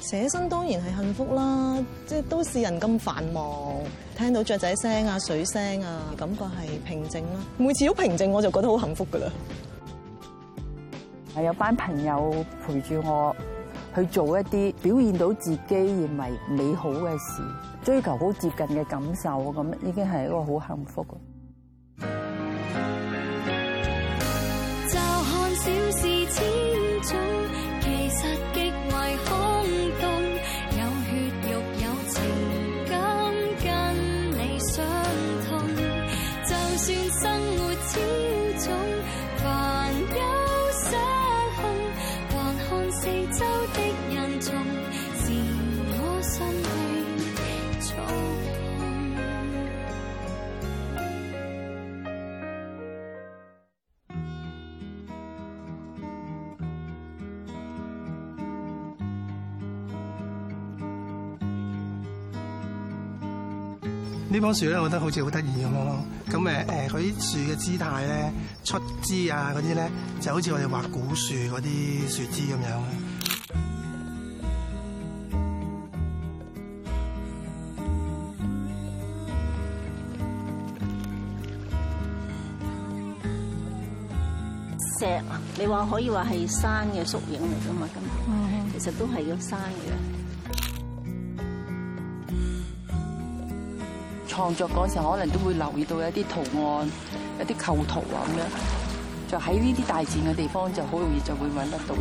寫生當然係幸福啦，即係都市人咁繁忙，聽到雀仔聲啊、水聲啊，感覺係平靜啦。每次好平靜，我就覺得好幸福噶啦。係有一班朋友陪住我去做一啲表現到自己認為美好嘅事，追求好接近嘅感受，我咁已經係一個好幸福。呢樖樹咧，我覺得好似好得意咁咯。咁誒誒，佢啲樹嘅姿態咧，出枝啊嗰啲咧，就好似我哋畫古樹嗰啲樹枝咁樣。石，你話可以話係山嘅縮影嚟㗎嘛？咁其實都係個山嘅。創作嗰時候，可能都會留意到一啲圖案、一啲構圖啊，咁樣就喺呢啲大自然嘅地方就好容易就會揾得到。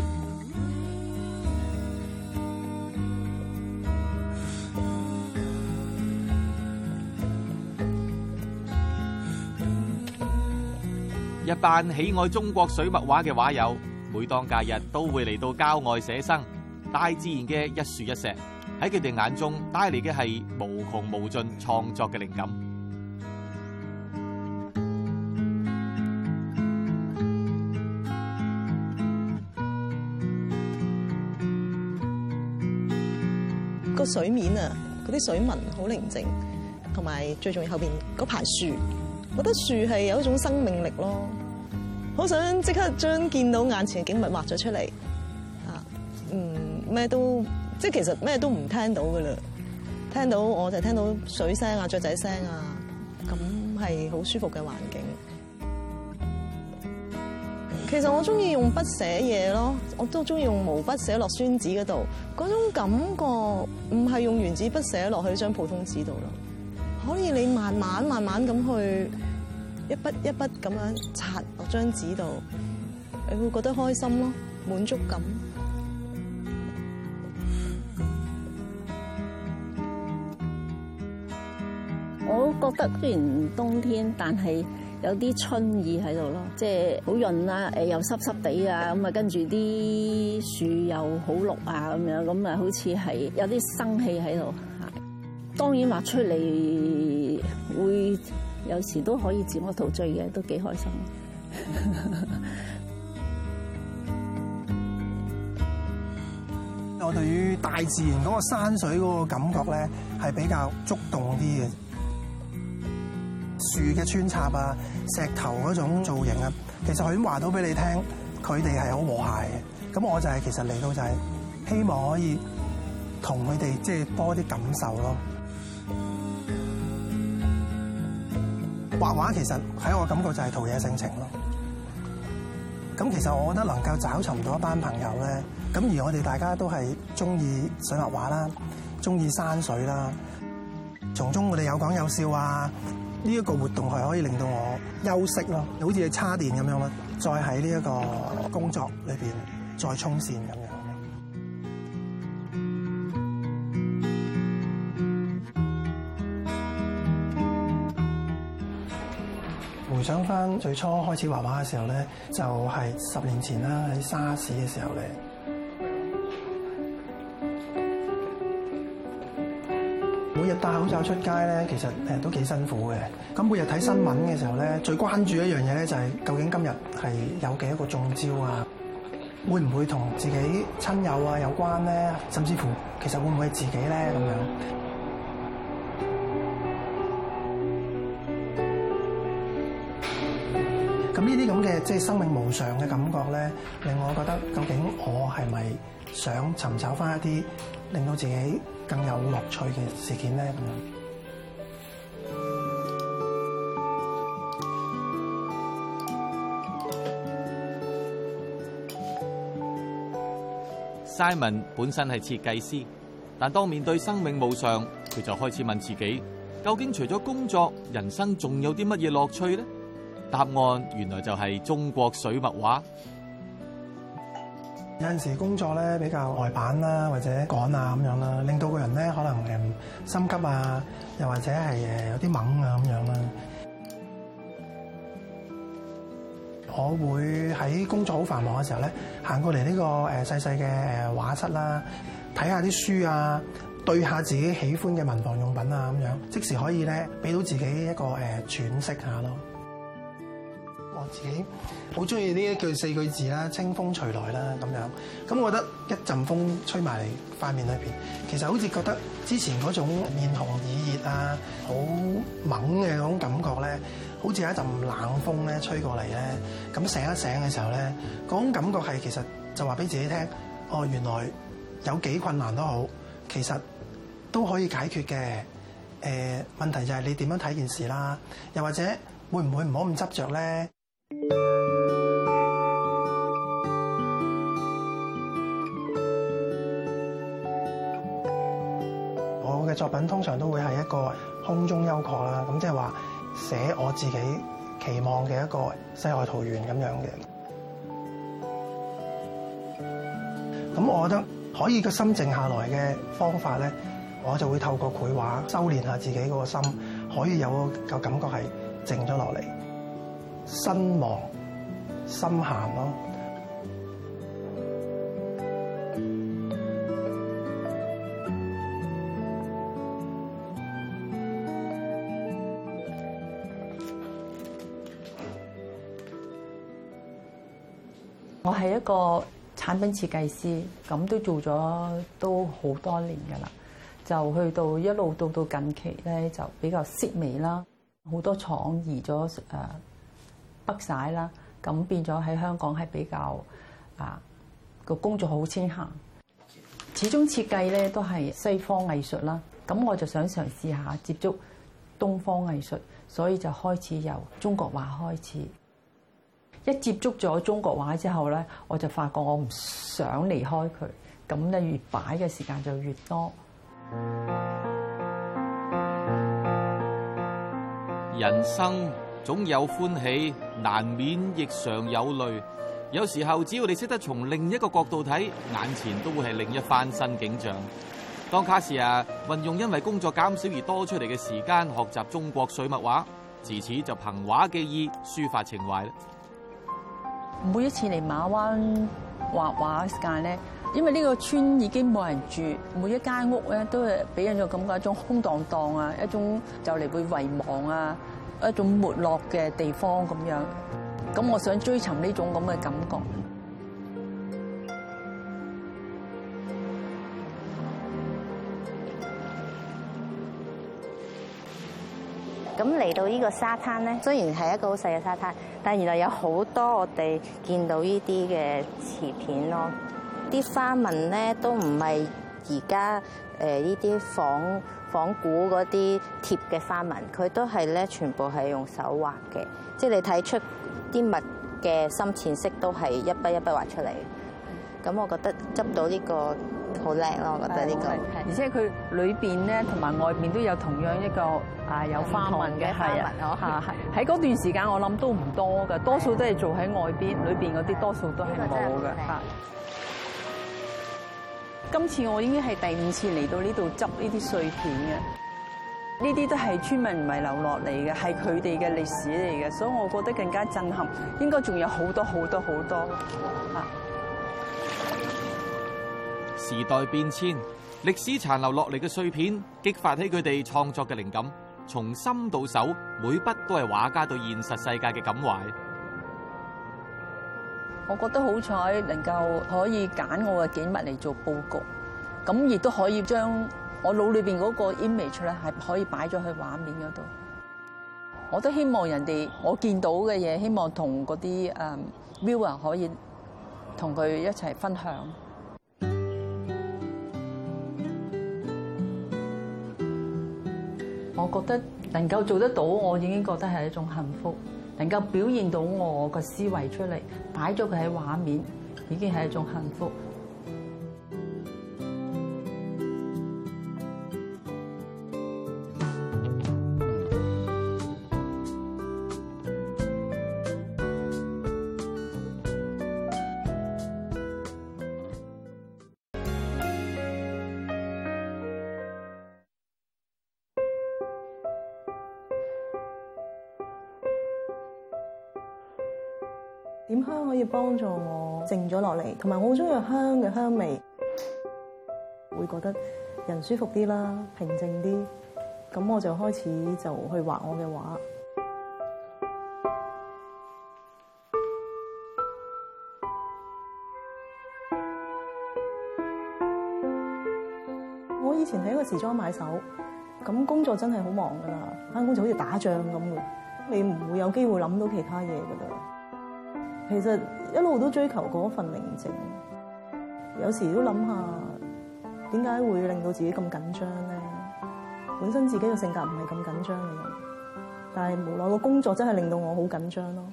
一班喜愛中國水墨畫嘅畫友，每當假日都會嚟到郊外寫生，大自然嘅一樹一石，喺佢哋眼中帶嚟嘅係無窮無盡創作嘅靈感。個水面啊，嗰啲水紋好寧靜，同埋最重要後邊嗰排樹，覺得樹係有一種生命力咯，好想即刻將見到眼前嘅景物畫咗出嚟。啊，嗯咩都～即係其實咩都唔聽到嘅嘞，聽到我就聽到水聲啊、雀仔聲啊，咁係好舒服嘅環境。其實我中意用筆寫嘢咯，我都中意用毛筆寫落宣紙嗰度，嗰種感覺唔係用原子筆寫落去張普通紙度咯。可以你慢慢慢慢咁去一筆一筆咁樣擦落張紙度，你會覺得開心咯，滿足感。覺得雖然冬天，但係有啲春意喺度咯，即係好潤啊，誒又濕濕地啊，咁啊跟住啲樹又好綠啊，咁樣咁啊，好似係有啲生氣喺度嚇。當然畫出嚟會有時都可以自我陶醉嘅，都幾開心。 我對於大自然嗰個山水嗰個感覺咧，係比較觸動啲嘅。樹嘅穿插啊，石頭嗰種造型啊，其實佢已經話到俾你聽，佢哋係好和諧嘅。咁我就係其實嚟到就係希望可以同佢哋即係多啲感受咯。畫畫其實喺我感覺就係陶冶性情咯。咁其實我覺得能夠找尋到一班朋友咧，咁而我哋大家都係中意水墨畫啦，中意山水啦，從中我哋有講有笑啊～呢、這、一個活動係可以令到我休息咯，好似叉電咁樣咯，再喺呢一個工作裏邊再衝線咁樣。回想返最初開始畫畫嘅時候咧，就係、是、十年前啦，喺沙士嘅時候咧。有出街咧，其實誒都幾辛苦嘅。咁每日睇新聞嘅時候咧，最關注一樣嘢咧，就係究竟今日係有幾多個中招啊？會唔會同自己親友啊有關咧？甚至乎其實會唔會係自己咧咁樣？咁呢啲咁嘅即係生命無常嘅感覺咧，令我覺得究竟我係咪想尋找返一啲令到自己？更有樂趣嘅事件咧咁樣。Simon 本身係設計師，但當面對生命無常，佢就開始問自己：究竟除咗工作，人生仲有啲乜嘢樂趣咧？答案原來就係中國水墨畫。有陣時工作咧比較呆板啦，或者趕啊咁樣啦，令到個人咧可能誒心急啊，又或者係誒有啲猛啊咁樣啦。我會喺工作好繁忙嘅時候咧，行過嚟呢個誒細細嘅畫室啦，睇下啲書啊，對下自己喜歡嘅文房用品啊咁樣，即時可以咧俾到自己一個誒喘息下咯。自己好中意呢一句四句字啦，清風徐來啦咁樣。咁我覺得一陣風吹埋嚟塊面裏邊，其實好似覺得之前嗰種面紅耳熱啊，好猛嘅嗰種感覺咧，好似有一陣冷風咧吹過嚟咧。咁醒一醒嘅時候咧，嗰種感覺係其實就話俾自己聽，哦，原來有幾困難都好，其實都可以解決嘅。誒、呃、問題就係你點樣睇件事啦，又或者會唔會唔好咁執着咧？我嘅作品通常都會係一個空中優闊啦，咁即係話寫我自己期望嘅一個世外桃源咁樣嘅。咁我覺得可以個心靜下來嘅方法咧，我就會透過繪畫修煉下自己嗰個心，可以有個感覺係靜咗落嚟。身忙心閒咯。我係一個產品設計師，咁都做咗都好多年噶啦，就去到一路到到近期咧，就比較息微啦，好多廠移咗誒。北晒啦，咁變咗喺香港係比較啊個工作好清閒。始終設計咧都係西方藝術啦，咁我就想嘗試下接觸東方藝術，所以就開始由中國畫開始。一接觸咗中國畫之後咧，我就發覺我唔想離開佢，咁咧越擺嘅時間就越多。人生。總有歡喜，難免亦常有淚。有時候只要你識得從另一個角度睇，眼前都會係另一番新景象。當卡士亞運用因為工作減少而多出嚟嘅時間，學習中國水墨畫，自此就憑畫寄意抒發情懷咧。每一次嚟馬灣畫畫嘅時間咧，因為呢個村已經冇人住，每一間屋咧都係俾人咗咁嘅一種空蕩蕩啊，一種就嚟會遺忘啊。一種沒落嘅地方咁樣，咁我想追尋呢種咁嘅感覺。咁嚟到呢個沙灘咧，雖然係一個好細嘅沙灘，但原來有好多我哋見到呢啲嘅瓷片咯，啲花紋咧都唔係而家誒呢啲房。仿古嗰啲貼嘅花紋，佢都係咧全部係用手畫嘅，即係你睇出啲物嘅深淺色都係一筆一筆畫出嚟。咁我覺得執到呢個好靚咯，我覺得呢個。而且佢裏邊咧同埋外邊都有同樣一個啊有花紋嘅，係啊。嚇！喺嗰段時間我諗都唔多噶，多數都係做喺外邊，裏邊嗰啲多數都係冇嘅嚇。這個今次我已經係第五次嚟到呢度執呢啲碎片嘅，呢啲都係村民唔係留落嚟嘅，係佢哋嘅歷史嚟嘅，所以我覺得更加震撼。應該仲有好多好多好多啊！時代變遷，歷史殘留落嚟嘅碎片，激發起佢哋創作嘅靈感，從心到手，每筆都係畫家對現實世界嘅感懷。我覺得好彩能夠可以揀我嘅景物嚟做佈局，咁亦都可以將我腦裏邊嗰個 image 咧，係可以擺咗去畫面嗰度。我都希望人哋我見到嘅嘢，希望同嗰啲誒 viewer 可以同佢一齊分享。我覺得能夠做得到，我已經覺得係一種幸福。能夠表現到我個思維出嚟，擺咗佢喺畫面，已經係一種幸福。幫助我靜咗落嚟，同埋我好中意香嘅香味，會覺得人舒服啲啦，平靜啲。咁我就開始就去畫我嘅畫。 我以前喺個時裝買手，咁工作真係好忙噶啦，翻工，就好似打仗咁嘅，你唔會有機會諗到其他嘢噶啦。其實一路都追求嗰份寧靜，有時都諗下點解會令到自己咁緊張咧？本身自己嘅性格唔係咁緊張嘅人，但係無奈個工作真係令到我好緊張咯。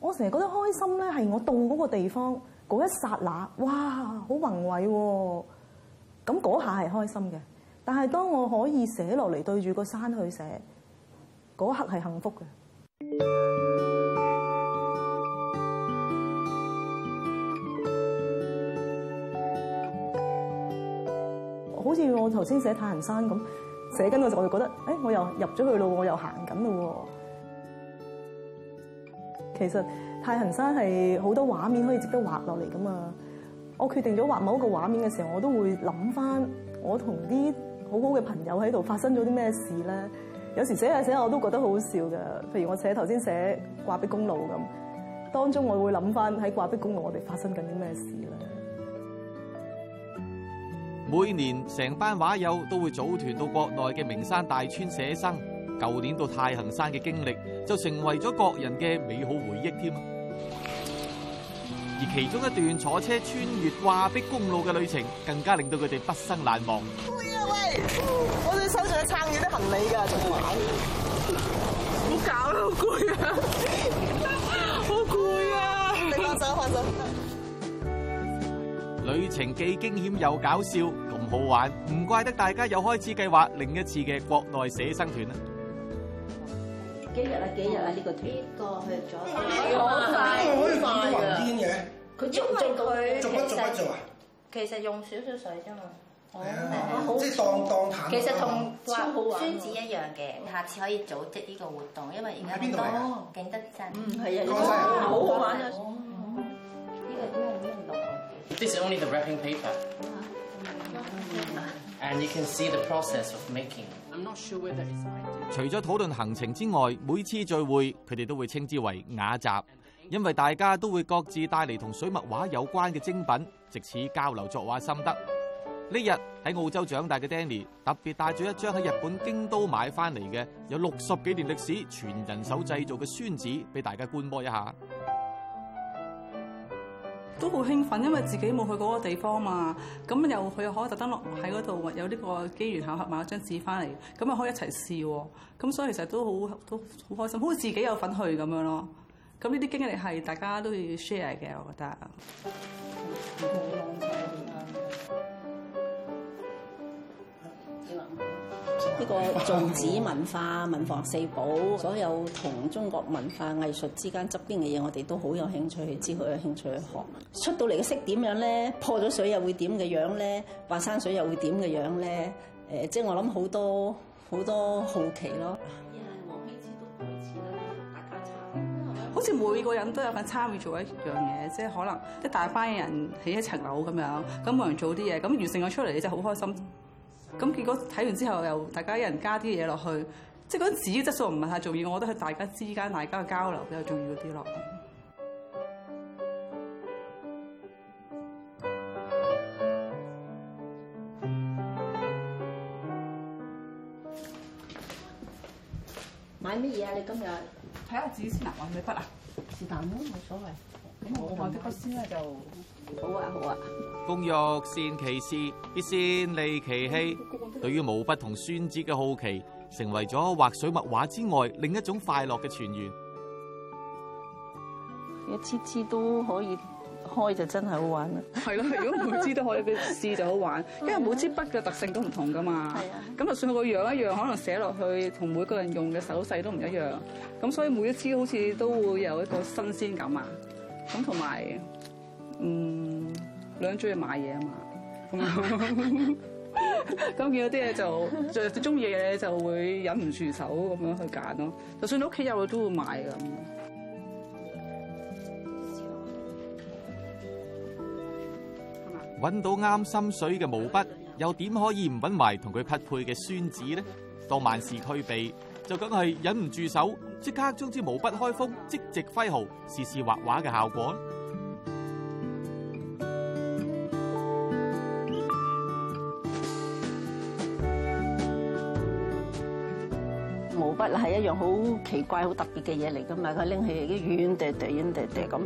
我成日覺得開心咧，係我到嗰個地方嗰一剎那，哇，好宏偉喎，哦！咁嗰下係開心嘅，但係當我可以寫落嚟對住個山去寫，嗰刻係幸福嘅。好似我頭先寫太行山咁，寫緊嘅時候我就覺得，誒、哎，我又入咗去咯，我又行緊咯。其實太行山係好多畫面可以值得畫落嚟噶嘛。我決定咗畫某一個畫面嘅時候，我都會諗翻，我同啲好好嘅朋友喺度發生咗啲咩事咧。有時寫下寫下我都覺得好好笑噶，譬如我寫頭先寫掛壁公路咁，當中我會諗翻喺掛壁公路我哋發生緊啲咩事啦。每年成班畫友都會組團到國內嘅名山大川寫生，舊年到太行山嘅經歷就成為咗各人嘅美好回憶添。而其中一段坐車穿越掛壁公路嘅旅程，更加令到佢哋畢生難忘。啊喂。我哋手上撐住啲行李噶，仲玩，好 搞很啊， 好攰啊，好攰啊！你放手，放手。旅程既驚險又搞笑，咁好玩，唔怪得大家又開始計劃另一次嘅國內寫生團啦。幾日啊？幾日啊？呢、呢個呢、呢個去咗。去去去去佢因為佢其,、啊、其實用少少水啫嘛，哦、oh, 啊，即係當當攤同超，超好玩。其實同宣紙一樣嘅，下次可以組織呢個活動，因為而家邊度？哦，景德鎮。嗯，係啊，江西好好玩啊，哦，呢、哦這個點樣點樣錄？This is only the wrapping paper,、嗯、and you can see the process of making. I'm not sure whether it's ideal. 除咗討論行程之外，每次聚會佢哋都會稱之為雅集。因為大家都會各自帶嚟同水墨畫有關嘅精品，藉此交流作畫心得。呢日喺澳洲長大嘅 Danny 特別帶咗一張喺日本京都買翻嚟嘅，有六十幾年歷史、全人手製造嘅宣紙，俾大家觀摩一下。都好興奮，因為自己冇去嗰個地方嘛。咁又去，又可以特登落喺嗰度，有呢個機緣巧合買一張紙翻嚟，咁啊可以一齊試。咁所以其實都好都好開心，好似自己有份去咁樣咯。咁呢啲經歷係大家都要 share 嘅，我覺得。呢、這個造紙文化、文房四寶、嗯，所有同中國文化藝術之間側邊嘅嘢，我哋都好有興趣，去知、嗯、好有興趣去學。出到嚟嘅色點樣咧？破咗水又會點嘅樣咧？畫山水又會點嘅樣咧？誒、呃，即係我諗好多好多好奇咯。好似每個人都有份參與做一樣嘢，即係可能一大班嘅人起一層樓咁樣，咁冇人做啲嘢，咁完成咗出嚟你就好開心。咁結果睇完之後又大家有人加啲嘢落去，即係嗰紙質素唔係太重要，我覺得係大家之間大家嘅交流比較重要啲咯。買乜嘢啊？你今日？睇下自己先啦，搵得啊，是但啦，啊，冇所謂。咁我畫啲筆先咧就，好啊好啊。工欲善其事，必先利其器，嗯嗯嗯。對於毛筆同宣紙嘅好奇，成為咗畫水墨畫之外另一種快樂嘅泉源。一次次都可以。開就真係好玩啦！係咯，如果每支都可以俾試就好玩，因為每支筆嘅特性都唔同噶嘛。咁就算佢個樣一樣，可能寫落去同每個人用嘅手勢都唔一樣。咁所以每一支好似都會有一個新鮮感啊！咁同埋，嗯，女人最中意買嘢啊嘛。咁 見到啲嘢就最中意嘅嘢就會忍唔住手咁樣去揀咯。就算屋企有的都會買咁。揾到啱心水嘅毛筆，又點可以唔揾埋同佢匹配嘅宣紙咧？當萬事俱備，就梗係忍唔住手，即刻將支毛筆開鋒，即席揮毫，試試畫畫嘅效果。毛筆係一樣好奇怪、好特別嘅嘢嚟噶嘛？佢拎起一軟跌跌，軟跌跌，咁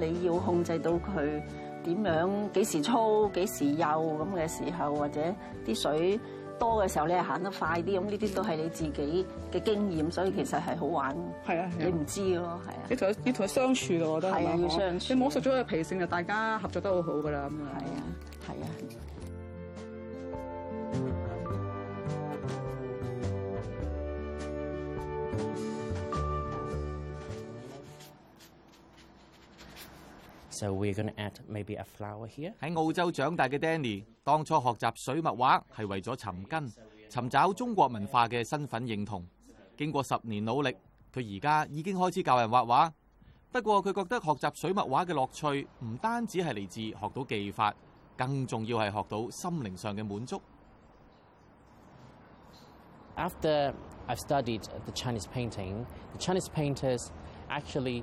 你要控制到佢。點樣，幾時粗、幾時幼咁嘅時候，或者啲水多嘅時候，你係行得快啲，咁呢啲都係你自己嘅經驗，所以其實係好玩。係啊，啊，你唔知咯，係啊。你同佢，你同佢相處嘅，我覺得係啊，要相處。你摸熟咗嘅脾性就大家合作得很好好噶啦，咁啊。So we're gonna add maybe a flower here? 喺澳洲長大嘅 Danny，當初學習水墨畫係為咗尋根，尋找中國文化嘅身份認同。經過十年努力，佢而家已經開始教人畫畫。不過佢覺得學習水墨畫嘅樂趣唔單止係嚟自學到技法，更重要係學到心靈上嘅滿足。After I've studied the Chinese painting, the Chinese painters actually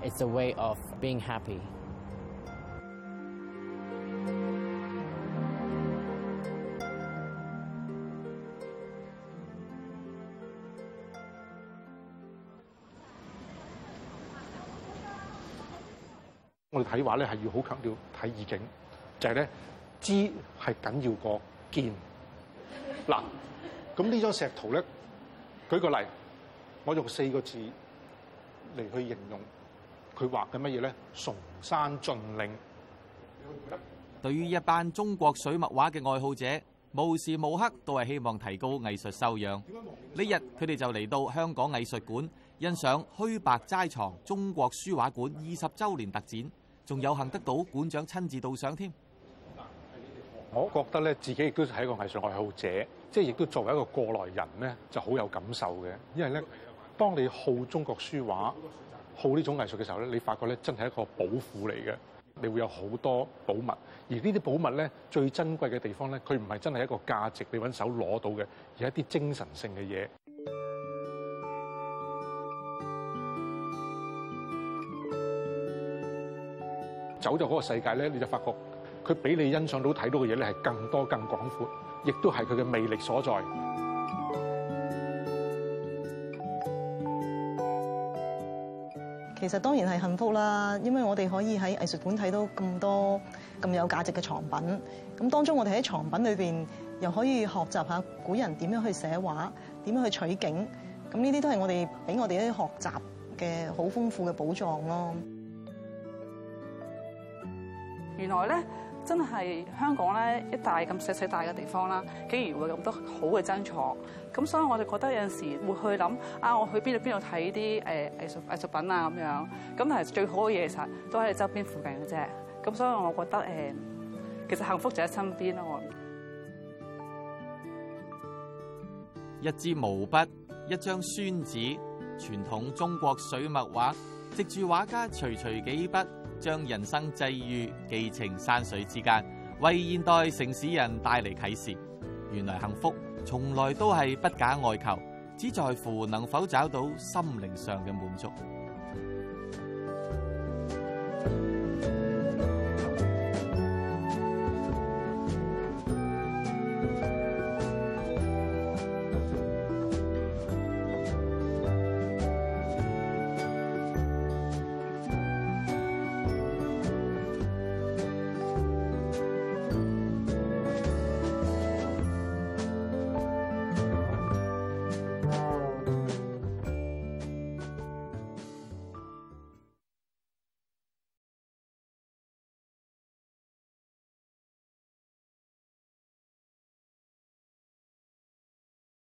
It's a way of being happy。我哋睇畫咧，係要好強調睇意境，就係咧知，係緊要過見。嗱，咁呢張石圖咧，舉個例，我用四個字嚟去形容。佢畫嘅乜嘢咧？崇山峻嶺。對於一班中國水墨畫嘅愛好者，無時無刻都係希望提高藝術修養。呢日佢哋就嚟到香港藝術館欣賞《虛白齋藏中國書畫館二十週年特展》，仲有幸得到館長親自導賞添。我覺得咧，自己亦都係一個藝術愛好者，即係亦都作為一個過來人呢，就好有感受嘅。因為咧，當你好中國書畫。好呢種藝術嘅時候咧，你發覺咧，真係一個寶庫嚟嘅，你會有好多寶物。而呢啲寶物咧，最珍貴嘅地方咧，佢唔係真係一個價值，你揾手攞到嘅，而係一啲精神性嘅嘢。 走咗嗰個世界咧，你就發覺佢俾你欣賞到睇到嘅嘢咧，係更多、更廣闊，亦都係佢嘅魅力所在。其實當然係幸福啦，因為我哋可以喺藝術館睇到咁多咁有價值嘅藏品。咁當中我哋喺藏品裏邊又可以學習下古人點樣去寫畫，點樣去取景。咁呢啲都係我哋俾我哋一啲學習嘅好豐富嘅寶藏咯。原來咧，真係香港咧，一大咁細細大嘅地方啦，竟然會有咁多好嘅珍藏。咁、嗯、所以我哋覺得有陣時會去諗啊，我去邊度邊度睇啲誒藝術藝術品啊咁樣。咁、嗯、係最好嘅嘢，其實都喺你周邊附近嘅啫。咁、嗯、所以我覺得誒、嗯，其實幸福就喺身邊咯。一支毛筆，一張宣紙，傳統中國水墨畫，藉住畫家隨隨幾筆。將人生際遇寄情山水之間，為現代城市人帶嚟啟示。原來幸福從來都係不假外求，只在乎能否找到心靈上嘅滿足。